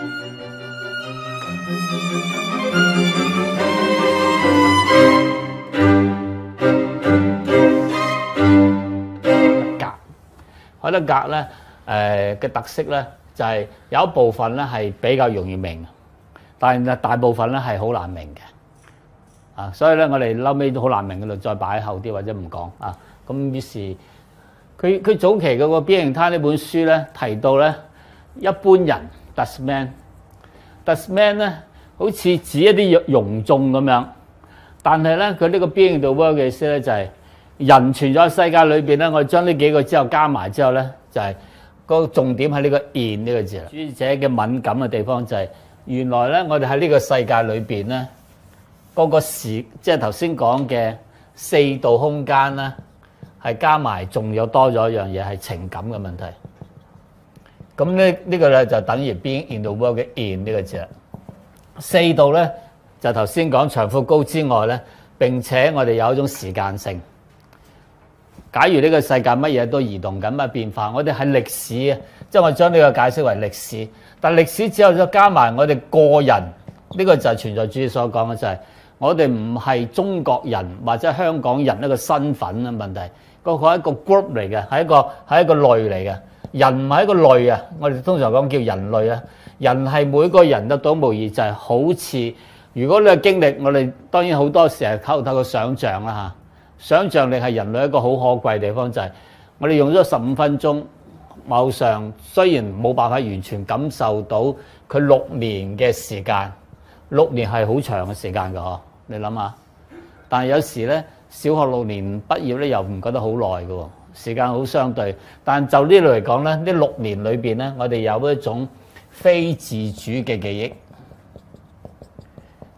格海德格咧，誒嘅特色咧就係有一部分咧係比較容易明，但係大部分咧係好難明嘅啊。所以咧，我哋後屘都好難明嘅論，再擺後啲或者唔講啊。咁於是佢佢早期嗰個《Being and Time》呢本書咧提到咧，一般人。Das Man, das Man，咧好似指一啲庸眾咁樣，但係咧佢呢個 being in the world 嘅意思咧就係人存在世界裏邊咧。我哋將呢幾個字之後加埋之後咧，就係、是、個重點係呢個 in 呢個字啦。作者嘅敏感嘅地方就係原來咧，我哋喺呢個世界裏邊咧，嗰個時即係頭先講嘅四度空間咧係加埋仲有多咗一樣嘢係情感嘅問題。咁呢呢個咧就等於 being in the world 嘅 in 呢個字。四度咧就頭先講長、闊、高之外咧，並且我哋有一種時間性。假如呢個世界乜嘢都移動緊、乜嘢變化，我哋喺歷史，即係我將呢個解釋為歷史。但歷史之後再加埋我哋個人，呢個就係存在主義所講嘅就係我哋唔係中國人或者香港人一個身份嘅問題，嗰個係一個 group 嚟嘅，係一個係一個類嚟嘅。人唔係一個類啊，我哋通常講叫人類啊。人係每個人都獨一無二，就係、是、好似如果你嘅經歷，我哋當然好多時係靠透過想像啦吓。想像力係人類一個好可貴嘅地方，就係、是、我哋用咗十五分鐘，某上雖然冇辦法完全感受到佢六年嘅時間。六年係好長嘅時間㗎呵，你諗下。但係有時咧，小學六年畢業咧又唔覺得好耐㗎喎。時間好相對，但就呢度嚟講咧，呢六年裏面，咧，我哋有一種非自主嘅記憶。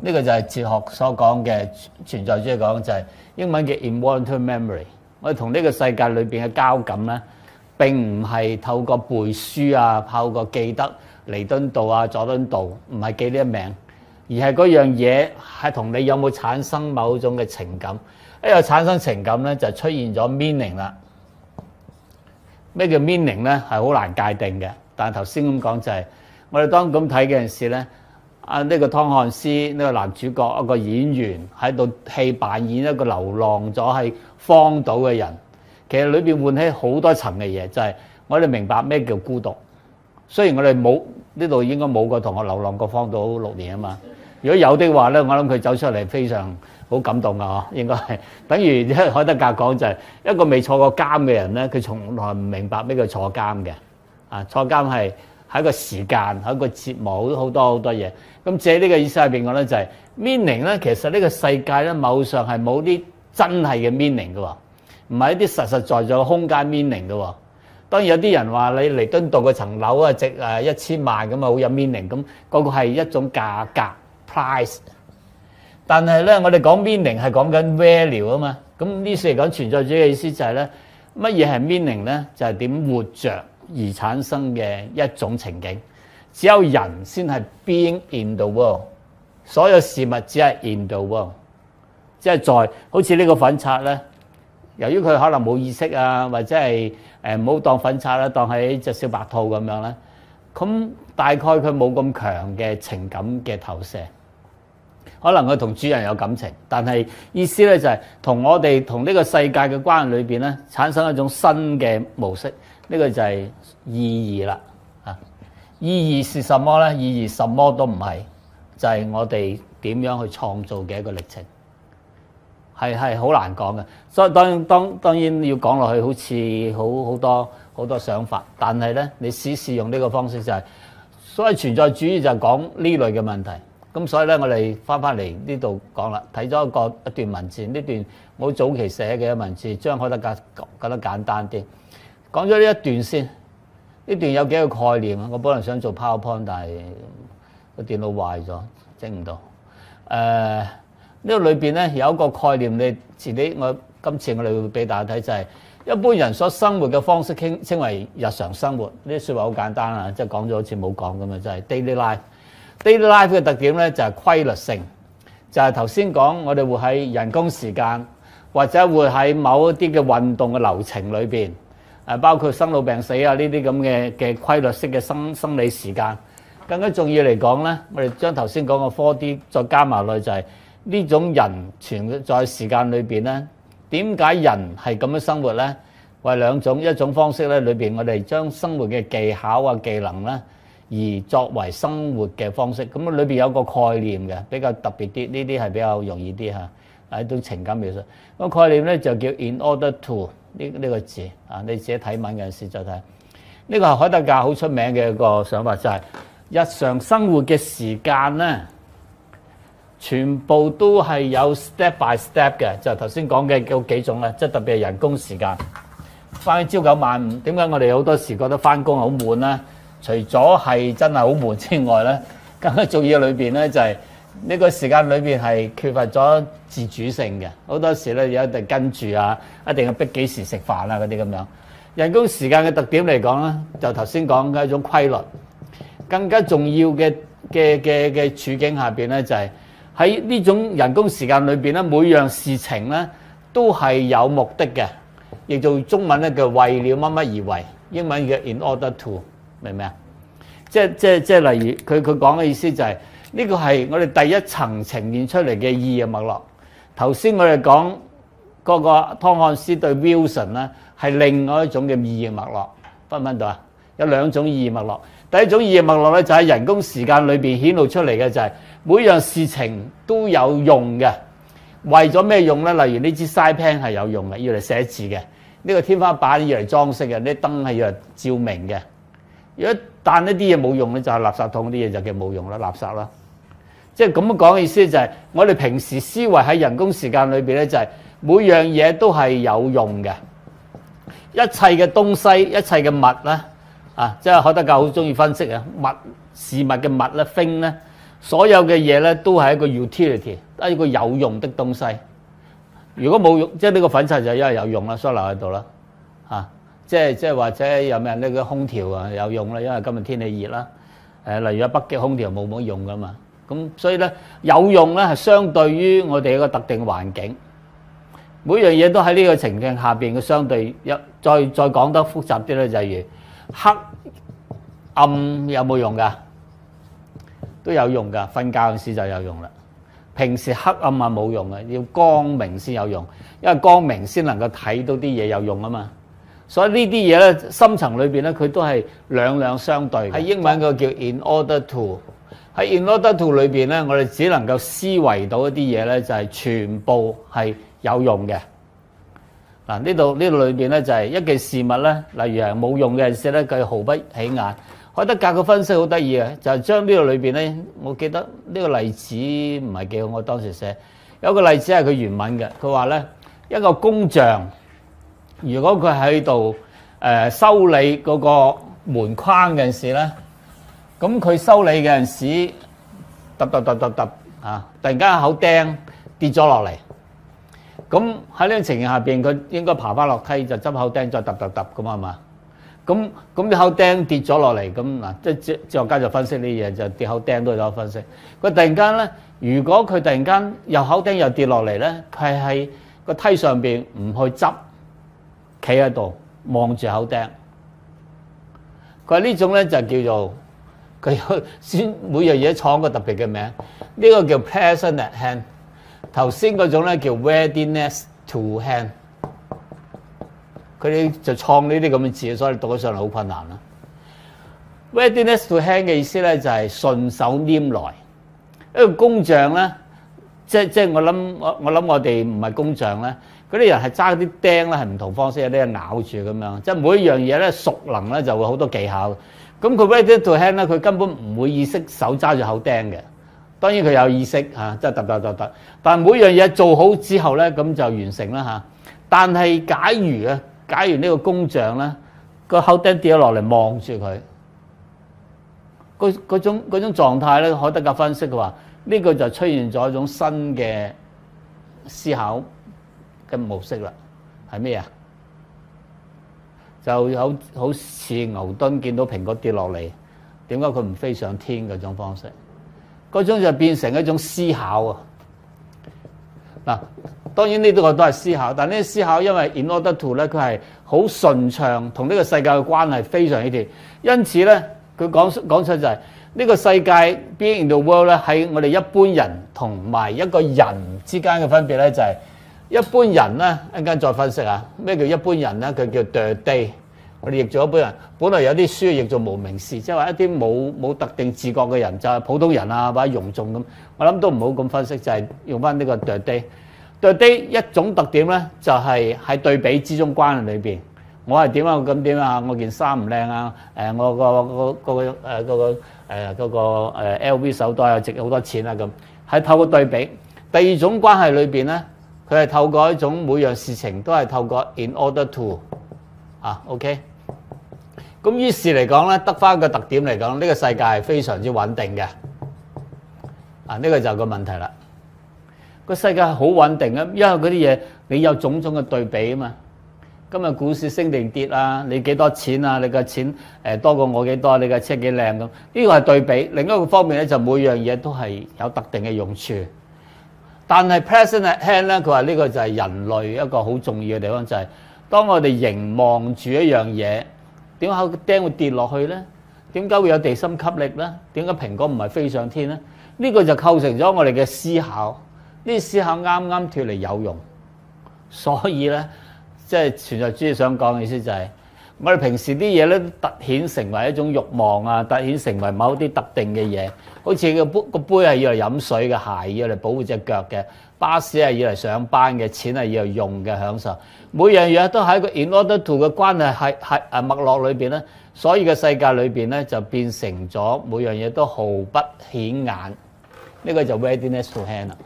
呢、這個就係哲學所講嘅存在主義講就係英文嘅 involuntary memory。我哋同呢個世界裏面嘅交感咧，並唔係透過背書啊、透過記得彌敦道啊、佐敦道，唔係記呢一名，而係嗰樣嘢係同你有冇產生某種嘅情感。一個產生情感咧，就出現咗 meaning 啦。咩叫 meaning 呢？係好難界定嘅，但係頭先咁講就係、是、我哋當咁睇件事呢，啊、這、呢個湯漢斯呢、這個男主角一個演員喺度戲扮演一個流浪咗喺荒島嘅人，其實裏面喚起好多層嘅嘢，就係、是、我哋明白咩叫孤獨。雖然我哋冇呢度應該冇個同學流浪過荒島六年啊嘛，如果有的話呢，我諗佢走出嚟非常。好感動啊！應應該係，等於海德格講就係、是、一個未坐過監嘅人咧，佢從來唔明白咩叫坐監嘅。啊，坐監係喺個時間喺個節目好多好多嘢。咁借呢個意思係邊講咧，就係 meaning 咧，其實呢個世界咧，某上係冇啲真係嘅 meaning 嘅喎，唔係一啲實實在在空間 meaning 嘅喎。當然有啲人話你彌敦道嘅層樓啊，值一千萬咁啊，好有 meaning 咁，嗰、那個係一種價格 price。但係咧，我哋講 meaning 係講緊 value 啊嘛。咁呢四嚟講存在主義嘅意思就係咧，乜嘢係 meaning 咧？就係點活著而產生嘅一種情景。只有人先係 being in the world，所有事物只係 in the world，即係在。好似呢個粉刷咧，由於佢可能冇意識啊，或者係誒唔好當粉刷啦，當係隻小白兔咁樣啦，咁大概佢冇咁強嘅情感嘅投射。可能佢同主人有感情，但係意思咧就係同我哋同呢個世界嘅關係裏邊咧產生一種新嘅模式，呢個就係意義啦。啊，意義是什麼咧？意義什麼都唔係，就係我哋點樣去創造嘅一個歷程，係係好難講嘅。所以當當當然要講落去好似好好多好多想法，但係咧你試試用呢個方式就係，所以存在主義就係講呢類嘅問題。咁所以咧，我哋翻翻嚟呢度講啦，睇咗一個一段文字，呢段我早期寫嘅文字，將開得更簡單啲，講咗呢一段先。呢段有幾個概念啊？我本來想做 PowerPoint，但係個電腦壞咗，整唔到。誒，呢個裏邊咧有一個概念，你前啲我今次我哋會俾大家睇，就係一般人所生活嘅方式，稱稱為日常生活。呢啲説話好簡單啊，即係講咗好似冇講咁啊，就係 daily life。Daily life 嘅特點咧就係規律性，就係頭先講我哋會喺人工時間，或者會喺某一啲嘅運動嘅流程裏邊，誒包括生老病死啊呢啲咁嘅嘅規律式嘅生生理時間。更加重要嚟講咧，我哋將頭先講嘅 four D 再加埋落去，就係呢種人存在時間裏邊咧，點解人係咁樣生活咧？為兩種一種方式咧，裏邊我哋將生活嘅技巧啊技能咧。而作為生活嘅方式，咁啊裏邊有個概念嘅，比較特別啲，呢啲係比較容易啲嚇，係一種情感描述。個概念咧就叫 in order to 呢呢個字啊，你自己睇文嘅時就睇。呢個係海德格好出名嘅一個想法，就係日常生活嘅時間咧，全部都係有 step by step 嘅，就頭先講嘅有幾種啦，即係特別係人工時間。返去朝九晚五，點解我哋好多時覺得翻工好悶咧？.除咗係真係好悶之外咧，更加重要裏邊咧就係呢個時間裏邊係缺乏咗自主性嘅。好多時咧有一定跟住啊，一定要逼幾時食飯啊，嗰啲咁樣人工時間嘅特點嚟講咧，就頭先講嘅一種規律。更加重要嘅嘅嘅嘅處境下邊咧就係喺呢種人工時間裏邊咧，每樣事情咧都係有目的嘅。亦做中文咧叫為了乜乜而為，英文叫 in order to。明唔明啊？即係即係即係，例如佢佢講嘅意思就係呢個係我哋第一層呈現出嚟嘅意義脈絡。頭先我哋講嗰個湯漢斯對 Wilson 咧係另外一種嘅意義脈絡，分唔分到啊？有兩種意義脈絡，第一種意義脈絡咧就喺人工時間裏邊顯露出嚟嘅，就係每樣事情都有用嘅。為咗咩用咧？例如呢支細 pen 係有用嘅，要嚟寫字嘅；呢個天花板要嚟裝飾嘅，啲燈係要嚟照明嘅。但呢啲嘢冇用咧，就係垃圾桶嗰啲嘢就叫冇用啦，垃圾啦。即係咁樣講嘅意思就係我哋平時思維喺人工時間裏邊咧，就係每樣嘢都係有用嘅。一切嘅東西，一切嘅物咧，啊，即係海德格好中意分析啊，物事物嘅物咧，thing 咧，所有嘅嘢咧都係一個 utility，一個有用嘅東西。如果冇用，即係呢個粉刷就因為有用啦，所以留喺度啦，啊。即係即係，或者有咩咧？個空調啊有用啦，因為今日天氣熱啦。誒，例如喺北極，空調冇冇用噶嘛？咁所以咧有用咧，係相對於我哋一個特定環境。每樣嘢都喺呢個情境下邊嘅相對一再再講得複雜啲咧、就是，就係如黑暗有冇用噶？都有用噶，瞓覺嗰時就有用啦。平時黑暗啊冇用啊，要光明先有用，因為光明先能夠睇到啲嘢有用啊嘛。所以呢啲嘢咧，深層裏邊咧，佢都係兩兩相對。喺英文個叫 in order to，喺 in order to 裏邊咧，我哋只能夠思維到一啲嘢咧，就係全部係有用嘅。嗱，呢度呢度裏邊咧，就係一件事物咧，例如係冇用嘅事咧，佢毫不起眼。海德格嘅分析好得意呀，就係將呢度裏邊咧，我記得呢個例子唔係幾好，我當時寫有個例子係佢原文嘅，佢話咧一個工匠。如果佢喺度誒修理嗰個門框嘅時咧，咁佢修理嘅時，揼揼揼揼揼啊！突然間口釘跌咗落嚟，咁喺呢種情形下邊，佢應該爬翻落梯就執口釘，再揼揼揼咁係嘛。咁咁，口釘跌咗落嚟，咁嗱，即係哲學家就分析呢啲嘢，就跌口釘都有分析。佢突然間咧，如果佢突然間又口釘又跌落嚟咧，佢喺個梯上邊唔去執。企喺度望住口釘，佢話呢種咧就叫做佢先每樣嘢創個特別嘅名，呢個叫 present at hand。頭先嗰種咧叫 readiness to hand。佢哋就創呢啲咁嘅字，所以讀起上嚟好困難啦。readiness to hand 嘅意思咧就係順手拈來，因為工匠咧，即係即係我諗我我諗我哋唔係工匠咧。嗰啲人係揸啲釘咧，係唔同方式有啲咬住咁樣，即係每一樣嘢咧熟能咧就會好多技巧。咁佢 ready to hand 咧，佢根本唔會意識手揸住口釘嘅。當然佢有意識吓，即係得得得得。但係每樣嘢做好之後咧，咁就完成啦吓。但係假如啊，假如呢個工匠咧，個口釘跌咗落嚟望住佢，嗰種嗰種狀態咧，海德格分析佢話呢個就出現咗一種新嘅思考嘅模式啦，係咩啊？就有好似牛頓見到蘋果跌落嚟，點解佢唔飛上天嗰種方式？嗰種就變成一種思考啊！嗱，當然呢啲個都係思考，但呢啲思考因為 In order to 咧，佢係好順暢，同呢個世界嘅關係非常之遠，因此咧，佢講講出就係、是、呢、呢個世界 being in the world 咧，喺我哋一般人同埋一個人之間嘅分別咧、就係，就係。一般人咧，一陣間再分析啊，咩叫一般人咧？佢叫墮地。我哋譯做一般人，本來有啲書譯做無名氏，即係話一啲冇冇特定自覺嘅人，就係、是、普通人啊，或者庸眾咁。我諗都唔好咁分析，就係、是、用返呢個墮地。墮地一種特點咧，就係、是、喺對比之中關係裏面。我係點樣？咁點啊？我件衫唔靚啊？我，啊我、那個、那個、那個、那個個個誒個 L V 手袋又值好多錢啊咁。喺透過對比，第二種關係裏面咧。佢係透過一種每樣事情都係透過 in order to 啊，OK，咁於是嚟講咧，得翻個特點嚟講，呢個世界係非常之穩定嘅。啊，呢個就個問題啦。個世界好穩定啊，因為嗰啲嘢你有種種嘅對比啊嘛。今日股市升定跌啊，你幾多錢啊？你嘅錢誒多過我幾多？你嘅車幾靚咁？呢個係對比。另一個方面咧，就每樣嘢都係有特定嘅用處。但係 present at hand 咧，佢話呢個就係人類一個好重要嘅地方，就係、是、當我哋凝望住一樣嘢，點解個釘會跌落去呢？點解會有地心吸力呢？點解蘋果唔係飛上天呢？呢、這個就構成咗我哋嘅思考，呢思考啱啱脫離有用，所以呢，即係存在主義想講嘅意思就係、是，我哋平時啲嘢呢，凸顯成為一種慾望啊，凸顯成為某啲特定嘅嘢。好似，個杯個杯係要嚟飲水嘅，鞋要嚟保護隻腳嘅，巴士係要嚟上班嘅，錢係要嚟用嘅，享受每樣嘢都喺個 in order to 嘅關係，係係啊脈絡裏邊咧，所以個世界裏邊咧就變成咗每樣嘢都毫不顯眼，呢個就 readiness to hand 啦。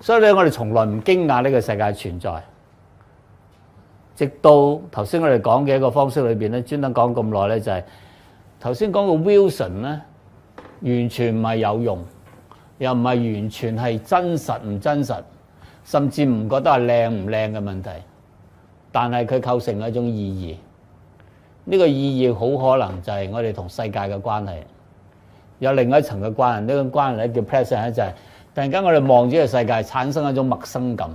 所以咧，我哋從來唔驚訝呢個世界存在，直到頭先我哋講嘅一個方式裏邊咧，專登講咁耐咧，就係頭先講個 Wilson 咧。完全唔係有用，又唔係完全係真實唔真實，甚至唔覺得係靚唔靚嘅問題。但係佢構成一種意義，呢個意義好可能就係我哋同世界嘅關係有另外一層嘅關係。呢個關係咧叫 present 咧，就係突然間我哋望住個世界產生一種陌生感。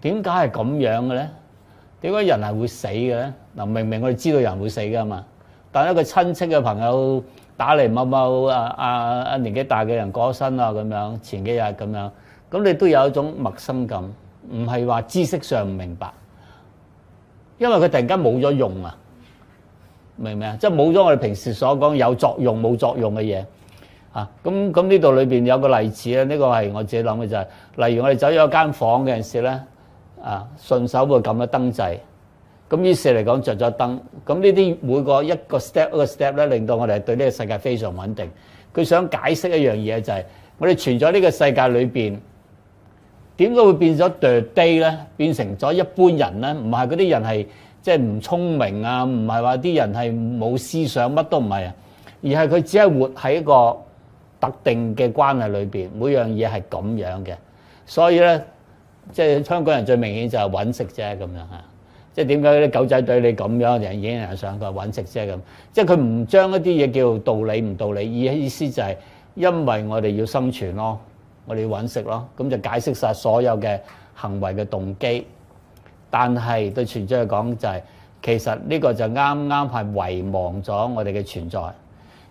點解係咁樣嘅咧？點解人係會死嘅咧？嗱，明明我哋知道人會死㗎嘛，但係一個親戚嘅朋友。打嚟某某啊啊啊年紀大嘅人過身啊，咁樣，前幾日咁樣，咁你都有一種陌生感，唔係話知識上唔明白，因為佢突然間冇咗用啊，明唔明啊？即係冇咗我哋平時所講有作用冇作用嘅嘢啊！咁咁呢度裏面有個例子咧，呢、呢個係我自己諗嘅就係、係，例如我哋走咗一間房嘅陣時咧，啊順手會咁一燈掣咁於是嚟講著咗燈，咁呢啲每個一個 step 一個 step 咧，令到我哋對呢個世界非常穩定。佢想解釋一樣嘢就係，我哋存在呢個世界裏邊，點解會變咗掉低咧？變成咗一般人咧，唔係嗰啲人係即係唔聰明啊，唔係話啲人係冇思想乜都唔係啊，而係佢只係活喺一個特定嘅關係裏邊，每樣嘢係咁樣嘅。所以咧，即係香港人最明顯就係揾食啫咁樣啊。即係點解啲狗仔隊你咁樣成日影人上佢揾食啫咁？即係佢唔將一啲嘢叫道理唔道理，意意思就係因為我哋要生存咯，我哋要揾食咯，咁就解釋晒所有嘅行為嘅動機。但係對傳主嚟講，就係、是、其實呢個就啱啱係遺忘咗我哋嘅存在。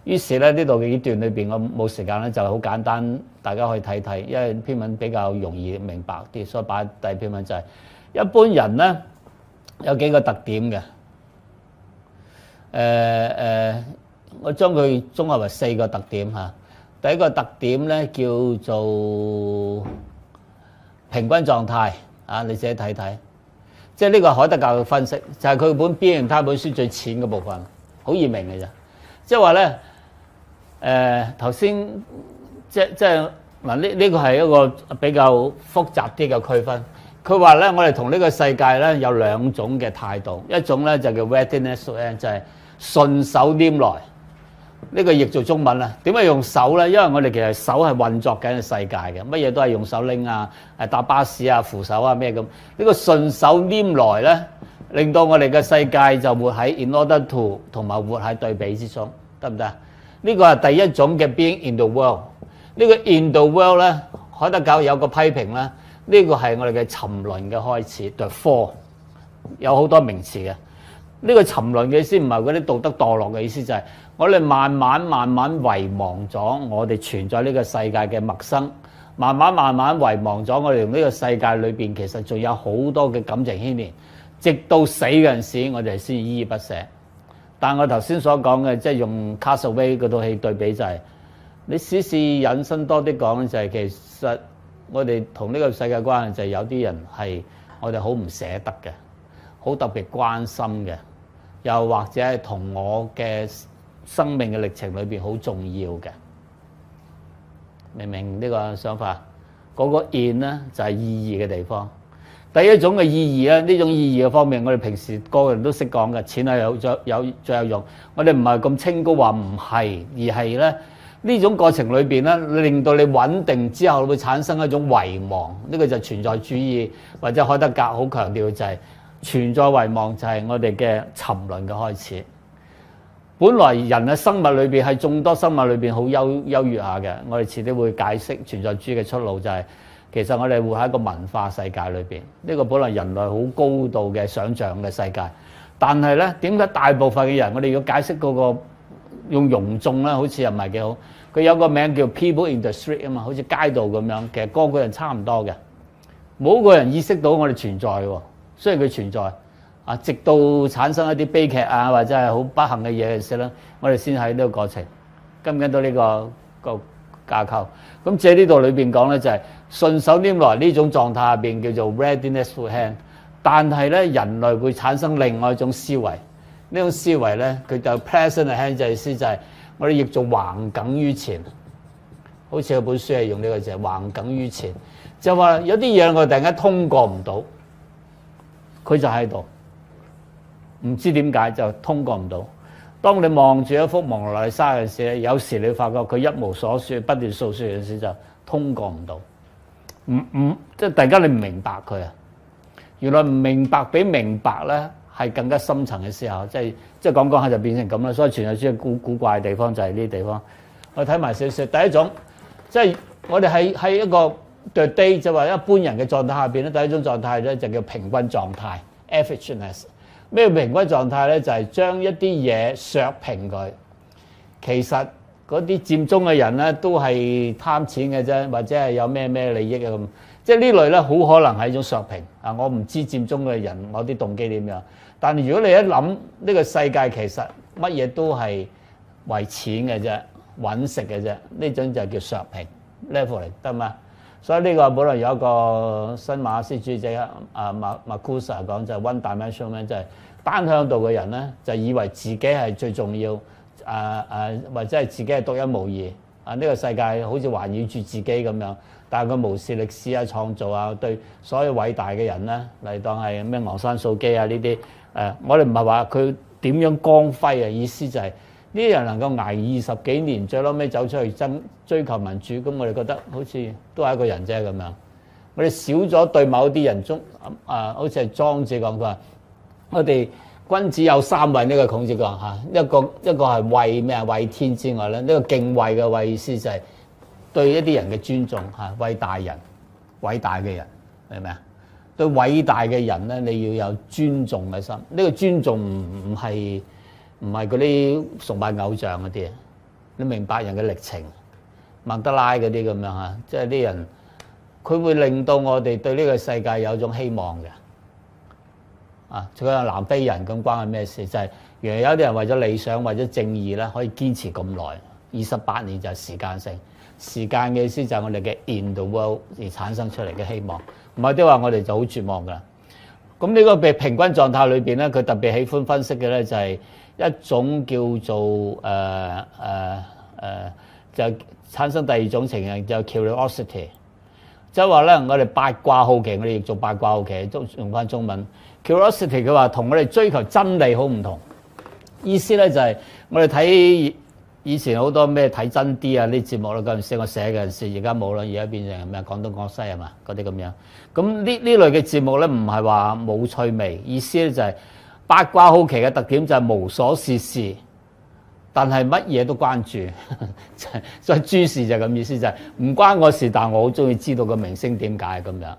於是咧，呢度嘅呢段裏邊，我冇時間咧，就好、是、簡單，大家可以睇睇，因為篇文比較容易明白啲，所以把第二篇文就係、是、一般人咧。有幾個特點嘅，誒誒，我將佢綜合為四個特點嚇。第一個特點咧叫做平均狀態，啊，你自己睇睇，即係呢個海德教嘅分析，就係佢本 B 形態本書最淺嘅部分，好易明嘅啫。即係話咧，誒頭先，即即係嗱呢呢個係一個比較複雜啲嘅區分，佢話咧，我哋同呢個世界咧有兩種嘅態度，一種咧就叫 readiness 就係順手拈來。呢個亦做中文啦。點解用手咧？因為我哋其實手係運作緊世界嘅，乜嘢都係用手拎啊，誒搭巴士啊、扶手啊咩咁。呢個順手拈來咧，令到我哋嘅世界就活喺 in order to 同埋活喺對比之中，得唔得？呢個係第一種嘅 being in the world。呢個 in the world 咧，海德格有個批評咧。呢個係我哋嘅沉淪嘅開始，讀科有好多名詞嘅。呢、這個沉淪嘅意思唔係嗰啲道德墮落嘅意思，就係、是、我哋慢慢慢慢遺忘咗我哋存在呢個世界嘅陌生，慢慢慢慢遺忘咗我哋用呢個世界裏邊其實仲有好多嘅感情牽連，直到死嗰陣時候我哋先依依不捨。但我頭先所講嘅即係用 Cast Away 嗰套戲對比就係、是，你試試引申多啲講就係其實。我哋同呢個世界關係就係有啲人係我哋好唔捨得嘅，好特別關心嘅，又或者係同我嘅生命嘅歷程裏邊好重要嘅。明明呢個想法，嗰個 in 咧就係意義嘅地方。第一種嘅意義咧，呢種意義嘅方面，我哋平時個個人都識講嘅，錢係有最有最有用。我哋唔係咁清高話唔係，而係咧。呢種過程裏面，咧，令到你穩定之後會產生一種遺忘，呢個就係存在主義或者海德格好強調，就係存在遺忘就係我哋嘅沉淪嘅開始。本來人喺生物裏面係眾多生物裏面好優優越下嘅，我哋遲啲會解釋存在主義嘅出路，就係其實我哋會喺一個文化世界裏面，呢個本來人類好高度嘅想像嘅世界，但係咧點解大部分嘅人我哋要解釋嗰個？用容重咧，好似又唔係幾好。佢有個名叫 People in the Street 啊嘛，好似街道咁樣。其實個個人差唔多嘅，冇個人意識到我哋存在喎。雖然佢存在啊，直到產生一啲悲劇啊，或者係好不幸嘅嘢嘅時候咧，我哋先喺呢個過程跟唔跟到呢、這個、這個架構。咁借呢度裏邊講咧，就係、是、順手拈來呢種狀態下邊叫做 Readiness f o Hand，但係咧人類會產生另外一種思維。呢種思維咧，佢就 present ahead，意思就係我哋譯做橫梗於前。好似有本書係用呢個字，橫梗於前，就話有啲嘢我突然間通過唔到，佢就喺度，唔知點解就通過唔到。當你望住一幅蒙娜麗莎嘅時候，有時你發覺佢一無所說，不斷訴説嘅時候就通過唔到。唔、嗯、唔、嗯，即係大家你唔明白佢啊？原來唔明白比明白咧係更加深層嘅思考，即係即係講講下就變成咁啦。所以《全人類》古古怪嘅地方就係呢啲地方。我睇埋少少，第一種即係、就是、我哋喺喺一個 the day 就話一般人嘅狀態下邊咧，第一種狀態咧就叫平均狀態 averageness 咩平均狀態咧？就係、是、將一啲嘢削平佢。其實嗰啲佔中嘅人咧，都係貪錢嘅啫，或者係有咩咩利益啊咁。即係呢類咧，好可能係一種削平啊！我唔知佔中嘅人嗰啲動機點樣，但如果你一諗呢個世界其實乜嘢都係為錢嘅啫，搵食嘅啫，呢種就叫削平 level 嚟得嘛。所以呢個本來有一個新馬克思主義者啊，麥麥古沙講就係 one dimensional man 就係單向度嘅人咧，就以為自己係最重要啊啊，或者係自己係獨一無二啊！呢個世界好似環繞住自己咁樣。但佢無視歷史啊、創造啊，對所有偉大嘅人咧嚟當係咩？昂山素基啊呢啲誒，我哋唔係話佢點樣光輝啊，意思就係呢啲人能夠捱二十幾年，最後尾走出去爭追求民主，咁我哋覺得好似都係一個人啫咁樣。我哋少咗對某啲人中啊，好似係莊子講，佢話我哋君子有三畏呢個孔子講吓，一個一個係畏咩啊？畏天之外咧，呢個敬畏嘅畏意思就係。對一啲人嘅尊重嚇，偉大人偉大嘅人明唔明啊？對偉大嘅人咧，你要有尊重嘅心。呢個尊重唔唔係唔係嗰啲崇拜偶像嗰啲。你明白人嘅歷程，曼德拉嗰啲咁樣嚇，即係啲人佢會令到我哋對呢個世界有一種希望嘅啊。除咗南非人咁關係咩事？就係原來有啲人為咗理想、為咗正義咧，可以堅持咁耐二十八年，就係時間性。時間嘅意思就係我哋嘅 in the world 而產生出嚟嘅希望，唔係即係話我哋就好絕望㗎喇。咁呢個平平均狀態裏邊咧，佢特別喜歡分析嘅咧就係一種叫做誒誒誒，就產生第二種情形就 curiosity，即係話咧我哋八卦好奇，我哋亦做八卦好奇，都用翻中文 curiosity。佢話同我哋追求真理好唔同，意思咧就係我哋睇。以前好多咩睇真啲啊呢節目咯嗰陣時，我寫嗰陣時，而家冇啦，而家變成咩廣東廣西係嘛嗰啲咁樣。咁呢呢類嘅節目咧，唔係話冇趣味，意思咧就係八卦好奇嘅特點就係無所事事，但係乜嘢都關注， 所以諸事就係咁意思就係、是、唔關我事，但我好中意知道個明星點解咁樣，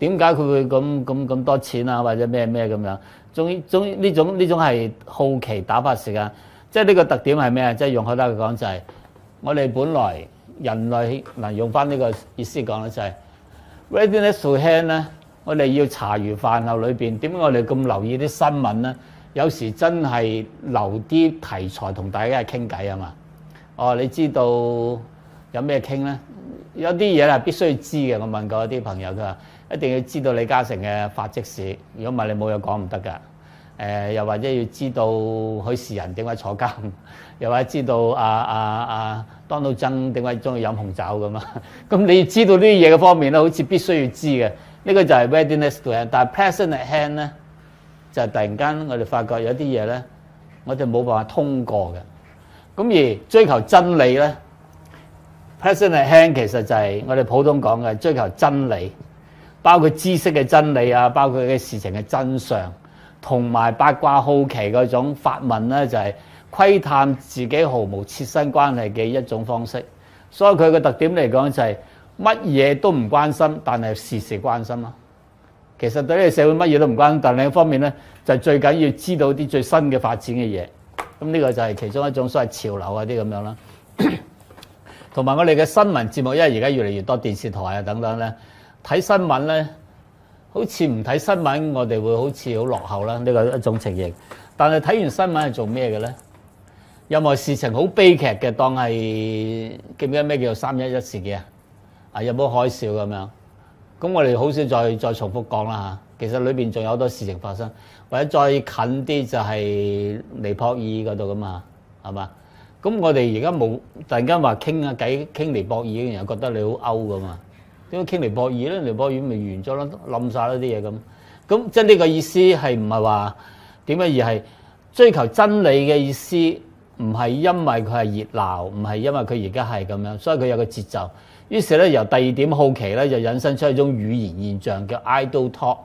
點解佢會咁咁咁多錢啊或者咩咩咁樣。總之總之呢種呢種係好奇打發時間。即係呢個特點係咩啊？即用楊海德講就係、是、我哋本來人類嗱，用翻呢個意思講咧，就係、是、readiness to hand 咧，我哋要茶餘飯後裏邊，點解我哋咁留意啲新聞咧？有時真係留啲題材同大家傾偈啊嘛。哦，你知道有咩傾咧？有啲嘢係必須知嘅。我問過一啲朋友，佢話一定要知道李嘉誠嘅發跡史，如果唔係你冇嘢講唔得㗎。誒，又或者要知道許仕仁點解坐監，又或者知道阿阿阿當奴曾點解中意飲紅酒咁啊？咁 你要知道呢啲嘢嘅方面咧，好似必須要知嘅。呢、這個就係 readiness to hand，但 person at hand 咧就係突然間我哋發覺有啲嘢咧，我哋冇辦法通過嘅。咁而追求真理咧，person at hand 其實就係我哋普通講嘅追求真理，包括知識嘅真理啊，包括嘅事情嘅真相。同埋八卦好奇嗰種發問咧，就係窺探自己毫無切身關係嘅一種方式。所以佢嘅特點嚟講，就係乜嘢都唔關心，但係事事關心啦。其實對呢個社會乜嘢都唔關心，但另一方面咧，就係、最緊要知道啲最新嘅發展嘅嘢。咁呢個就係其中一種所謂潮流啊啲咁樣啦。同埋我哋嘅新聞節目，因為而家越嚟越多電視台啊等等咧，睇新聞咧。好似唔睇新聞，我哋會好似好落後啦。呢個一種情形。但係睇完新聞係做咩嘅咧？任何事情好悲劇嘅？當係記唔記得咩叫做三一一事件啊？啊，有冇開笑海嘯咁樣？咁我哋好少再再重複講啦嚇。其實裏面仲有好多事情發生，或者再近啲就係尼泊爾嗰度噶嘛，係嘛？咁我哋而家冇突然間話傾下偈傾尼泊爾然後，覺得你好歐噶嘛？點樣傾尼泊爾咧？尼泊爾咪完咗咯，冧晒咯啲嘢咁。咁即呢個意思係唔係話點啊？而係追求真理嘅意思，唔係因為佢係熱鬧，唔係因為佢而家係咁樣，所以佢有個節奏。於是咧，由第二點好奇咧，就引申出一種語言現象叫 idle talk。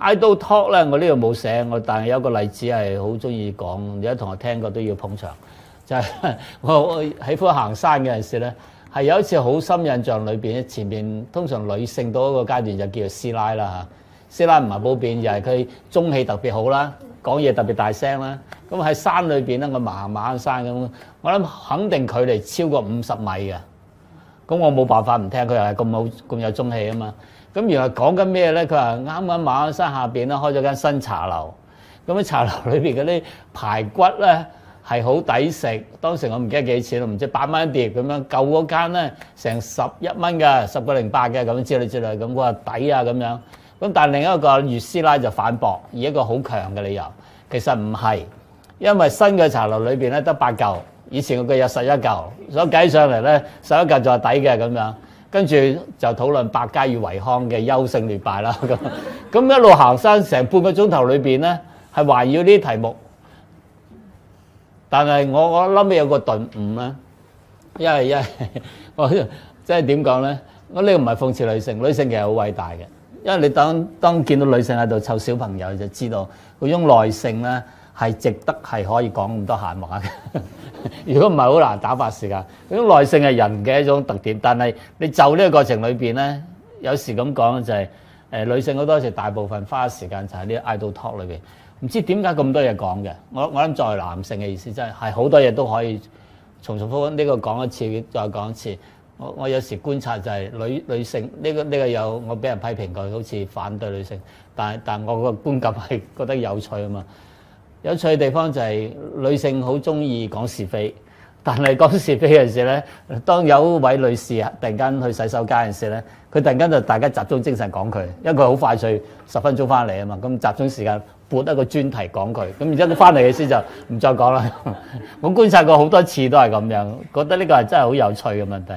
idle talk 咧，我呢度冇寫我，但係有一個例子係好中意講，有家同學聽過都要捧場，就係、是、我我喜歡行山嘅陣時咧。係有一次好深印象裏面，前面通常女性到一個階段就叫做師奶啦嚇。師奶唔係普遍，就係佢中氣特別好啦，講嘢特別大聲啦。咁喺山裏面，咧，我行馬鞍山咁，我諗肯定距離超過五十米嘅。咁我冇辦法唔聽，佢又係咁好、咁有中氣啊嘛。咁原來講緊咩咧？佢話啱啱馬鞍山下面咧開咗間新茶樓。咁喺茶樓裏面嗰啲排骨咧～係好抵食，當時我唔記得幾錢啦，唔知八蚊一碟咁樣，舊嗰間咧成十一蚊嘅，十個零八嘅咁樣之類之類咁，我話抵啊咁樣。咁但係另一個月師奶就反駁，以一個好強嘅理由，其實唔係，因為新嘅茶樓裏面咧得八嚿，以前嗰個有十一嚿，所以計上嚟咧十一嚿就係抵嘅咁樣。跟住就討論百佳與維康嘅優勝劣敗啦。咁咁一路行山成半個鐘頭裏面咧，係環繞呢啲題目。但係我我諗起有個頓悟啦，因為因為，我即係點講咧？我呢個唔係諷刺女性，女性其實好偉大嘅，因為你當當見到女性喺度湊小朋友，就知道嗰種耐性咧係值得係可以講咁多閒話嘅。如果唔係好難打發時間，嗰種耐性係人嘅一種特點。但係你就呢個過程裏邊咧，有時咁講就係誒，呃，女性好多時大部分花時間就喺啲 idle talk 裏邊。唔知點解咁多嘢講嘅，我我諗作為男性嘅意思，真係係好多嘢都可以重重複呢個講一次，再講一次。我我有時觀察就係女女性呢個呢個有我俾人批評過佢好似反對女性，但但我個觀感係覺得有趣啊嘛。有趣嘅地方就係女性好中意講是非，但係講是非嘅時咧，當有位女士突然間去洗手間嘅時咧，佢突然間就大家集中精神講佢，因為佢好快脆十分鐘翻嚟啊嘛，咁集中時間。撥一個專題講佢，咁然之後佢翻嚟嘅先就唔再講啦。我觀察過好多次都係咁樣，覺得呢個係真係好有趣嘅問題。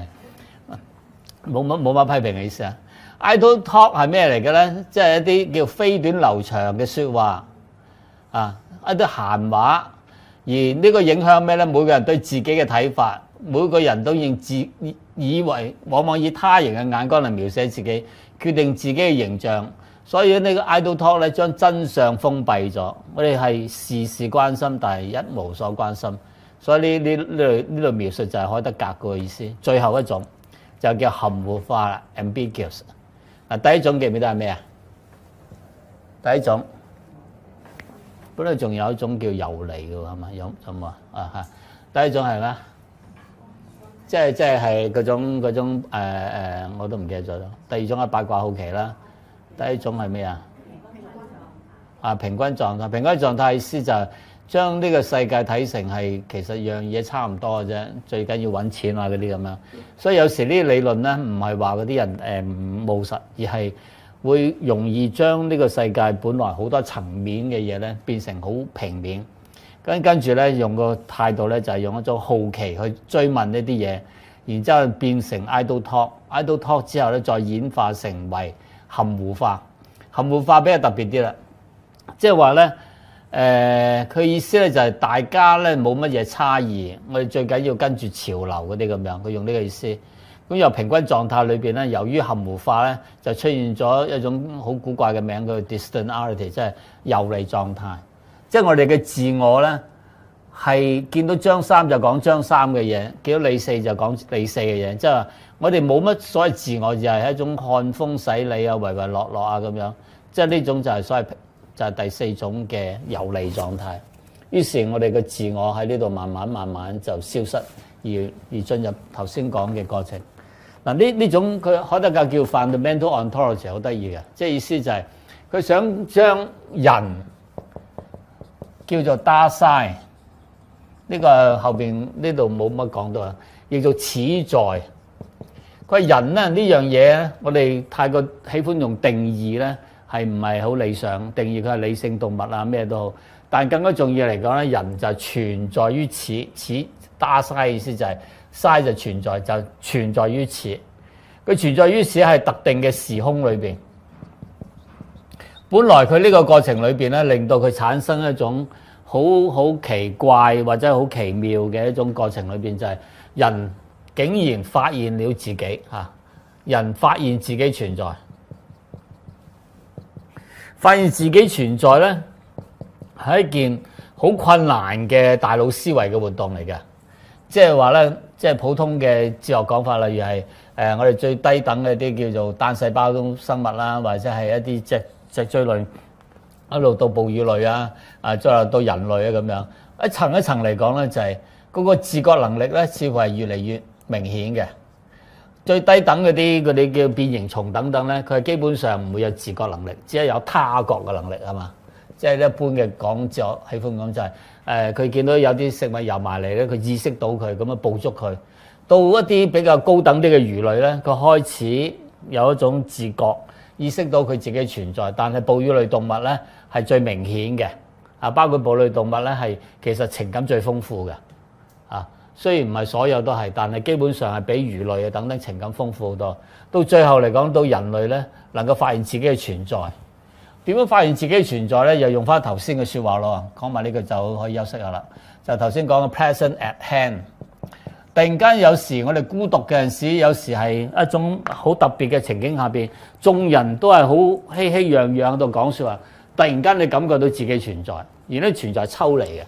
冇乜冇乜批評嘅意思啊。idle talk 係咩嚟嘅咧？即係一啲叫飛短流長嘅說話啊，一啲閒話。而呢個影響咩咧？每個人對自己嘅睇法，每個人都認自以為，往往以他人嘅眼光嚟描寫自己，決定自己嘅形象。所以呢個 idle talk 咧，將真相封閉咗。我哋係事事關心，但係一無所關心。所以呢呢呢呢度描述就係海德格個意思。最後一種就叫含糊化 ambiguous。嗱，第一種記唔記得係咩啊？第一種，本來仲有一種叫游離嘅喎，嘛？有咁啊？啊吓第一種係咩？即係即係係嗰種嗰種、呃、我都唔記得咗咯。第二種係八卦好奇啦。第一種係咩啊？啊，平均狀態。平均狀態意思就係將呢個世界睇成係其實樣嘢差唔多嘅啫，最緊要揾錢啊嗰啲咁樣。所以有時呢啲理論呢，唔係話嗰啲人誒冇務實，而係會容易將呢個世界本來好多層面嘅嘢呢變成好平面，跟跟住呢，用個態度呢，就係用一種好奇去追問呢啲嘢，然之後變成 idle talk，idle talk 之後呢，再演化成為。含糊化，含糊化比較特別啲啦，即係話咧，誒、呃、佢意思咧就係大家咧冇乜嘢差異，我哋最緊要跟住潮流嗰啲咁樣。佢用呢個意思，咁由平均狀態裏邊咧，由於含糊化咧，就出現咗一種好古怪嘅名，叫 distantiality，即係遊離狀態。即係我哋嘅自我咧，係見到張三就講張三嘅嘢，見到李四就講李四嘅嘢，即係話。我哋冇乜所謂自我，就係一種看風洗你啊、唯唯諾諾啊咁樣，即係呢種就係所謂就係第四種嘅遊離狀態。於是，我哋嘅自我喺呢度慢慢慢慢就消失而，而而進入頭先講嘅過程。嗱，呢呢種佢海德格叫 fundamental ontology，好得意嘅，即係意思就係佢想將人叫做 Dasein 呢個後面呢度冇乜講到啊，亦叫做此在。人咧呢樣嘢咧，我哋太過喜歡用定義咧，係唔係好理想？定義佢係理性動物啊，咩都好。但更加重要嚟講咧，人就存在於此。此打曬意思就係、是、曬就存在，就存在於此。佢存在於此係特定嘅時空裏面。本來佢呢個過程裏面咧，令到佢產生一種好好奇怪或者好奇妙嘅一種過程裏面，就係、是、人，竟然發現了自己嚇，人發現自己存在，發現自己存在呢，係一件好困難嘅大腦思維嘅活動嚟嘅。即係話呢，即係普通嘅哲學講法，例如係誒我哋最低等嘅啲叫做單細胞生物啦，或者係一啲脊脊椎類一路到哺乳類啊，啊再後到人類啊咁樣一層一層嚟講呢就係嗰個自覺能力呢，似乎係越嚟越。明顯嘅，最低等嗰啲嗰啲叫變形蟲等等咧，佢係基本上唔會有自覺能力，只係有他覺嘅能力啊嘛。即係、就是、一般嘅講者，喜歡講就係誒，佢見到有啲食物游埋嚟咧，佢意識到佢咁樣捕捉佢。到一啲比較高等啲嘅魚類咧，佢開始有一種自覺意識到佢自己存在，但係哺乳類動物咧係最明顯嘅啊，包括哺乳動物咧係其實情感最豐富嘅。雖然唔係所有都係，但係基本上係比魚類啊等等情感豐富好多。到最後嚟講，到人類咧，能夠發現自己嘅存在，點樣發現自己嘅存在咧？又用翻頭先嘅説話咯，講埋呢句就可以休息下啦。就頭先講嘅 present at hand，突然間有時我哋孤獨嘅陣時，有時係一種好特別嘅情景下邊，眾人都係好熙熙攘攘喺度講説話，突然間你感覺到自己存在，而呢存在抽離嘅。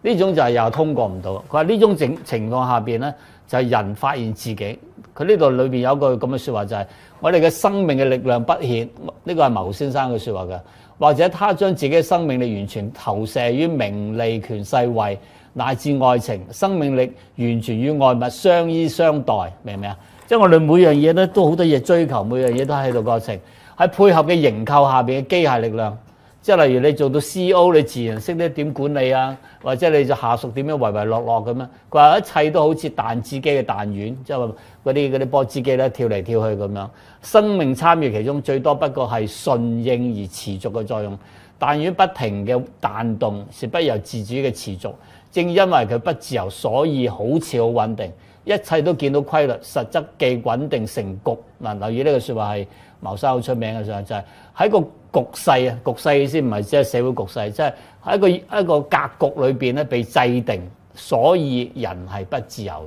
呢種就係又通過唔到。佢話呢種整情況下面呢，就係、是、人發現自己。佢呢度裏面有一句咁嘅說話就係、是：我哋嘅生命嘅力量不顯，呢個係牟先生嘅說話嘅。或者他將自己嘅生命力完全投射於名利權勢位、乃至愛情，生命力完全與外物相依相待，明唔明啊？即、就、係、是、我哋每樣嘢都好多嘢追求，每樣嘢都喺度過程喺配合嘅營構下面嘅機械力量。即係例如你做到 CEO，你自然識得點管理啊，或者你做下屬點樣唯唯諾諾咁啊？佢話一切都好似彈子機嘅彈丸，即係嗰啲嗰啲波子機咧跳嚟跳去咁樣，生命參與其中最多不過係順應而持續嘅作用。彈丸不停嘅彈動是不由自主嘅持續，正因為佢不自由，所以好似好穩定，一切都見到規律，實質既穩定成局嗱。留意呢個說話係謀生好出名嘅時候，就係、是、喺個局勢啊，局勢先唔係只係即係社會局勢，即係喺一個一個格局裏邊咧被制定，所以人係不自由嘅。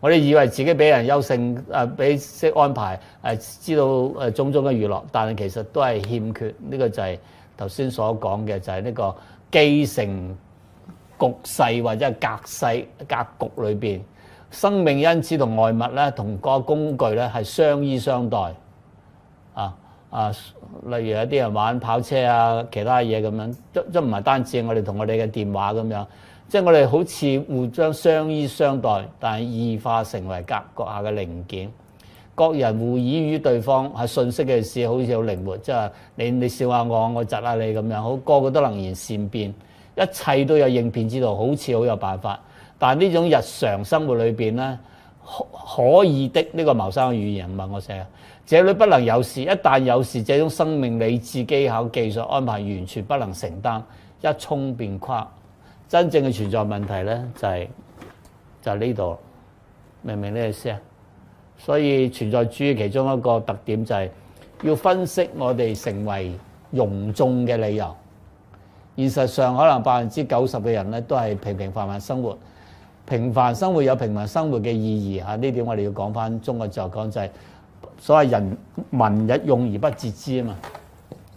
我哋以為自己俾人優勝，誒俾識安排，誒、啊、知道誒種種嘅娛樂，但係其實都係欠缺。呢、這個就係頭先所講嘅，就係、是、呢個既成局勢或者係格、格局格局裏邊，生命因此同外物咧同個工具咧係相依相待啊。啊，例如有啲人玩跑車啊，其他嘢咁樣，都都唔係單止我哋同我哋嘅電話咁樣，即係我哋好似互相相依相待，但係異化成為格局下嘅零件。各人互倚於對方，喺信息嘅事好似好靈活，即係你你笑下我，我窒下你咁樣，好個個都能言善辯，一切都有應變之道，好似好有辦法。但呢種日常生活裏面咧，可可以的呢個謀生語言唔係我寫。這裏不能有事，一旦有事，這種生命理智技巧技術安排完全不能承擔，一衝便垮。真正嘅存在問題咧就係就係呢度，明唔明呢個意思啊？所以存在主義其中一個特點就係要分析我哋成為庸眾嘅理由。現實上可能百分之九十嘅人咧都係平平凡凡生活，平凡生活有平凡的生活嘅意義吓，呢點我哋要講翻。中國哲學講就係。所謂人民日用而不自知啊嘛，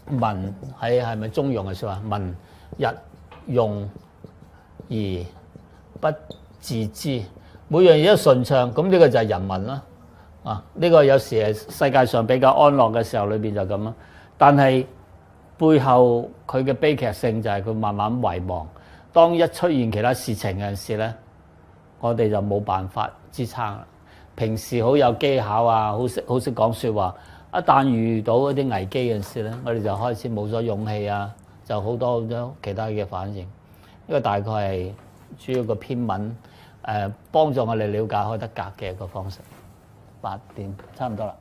民係係咪中庸嘅説話？民日用而不自知。是是自知每樣嘢都順暢，咁呢個就係人民啦。啊，呢、呢個有時係世界上比較安樂嘅時候裏邊就咁啦。但係背後佢嘅悲劇性就係佢慢慢遺忘。當一出現其他事情嘅時咧，我哋就冇辦法支撐啦。平時好有技巧啊，好識好識講説話，一旦遇到一啲危機嘅時咧，我哋就開始冇咗勇氣啊，就好多好多其他嘅反應，呢個大概係主要個篇文，誒幫助我哋了解海德格嘅一個方式。八點，差唔多啦。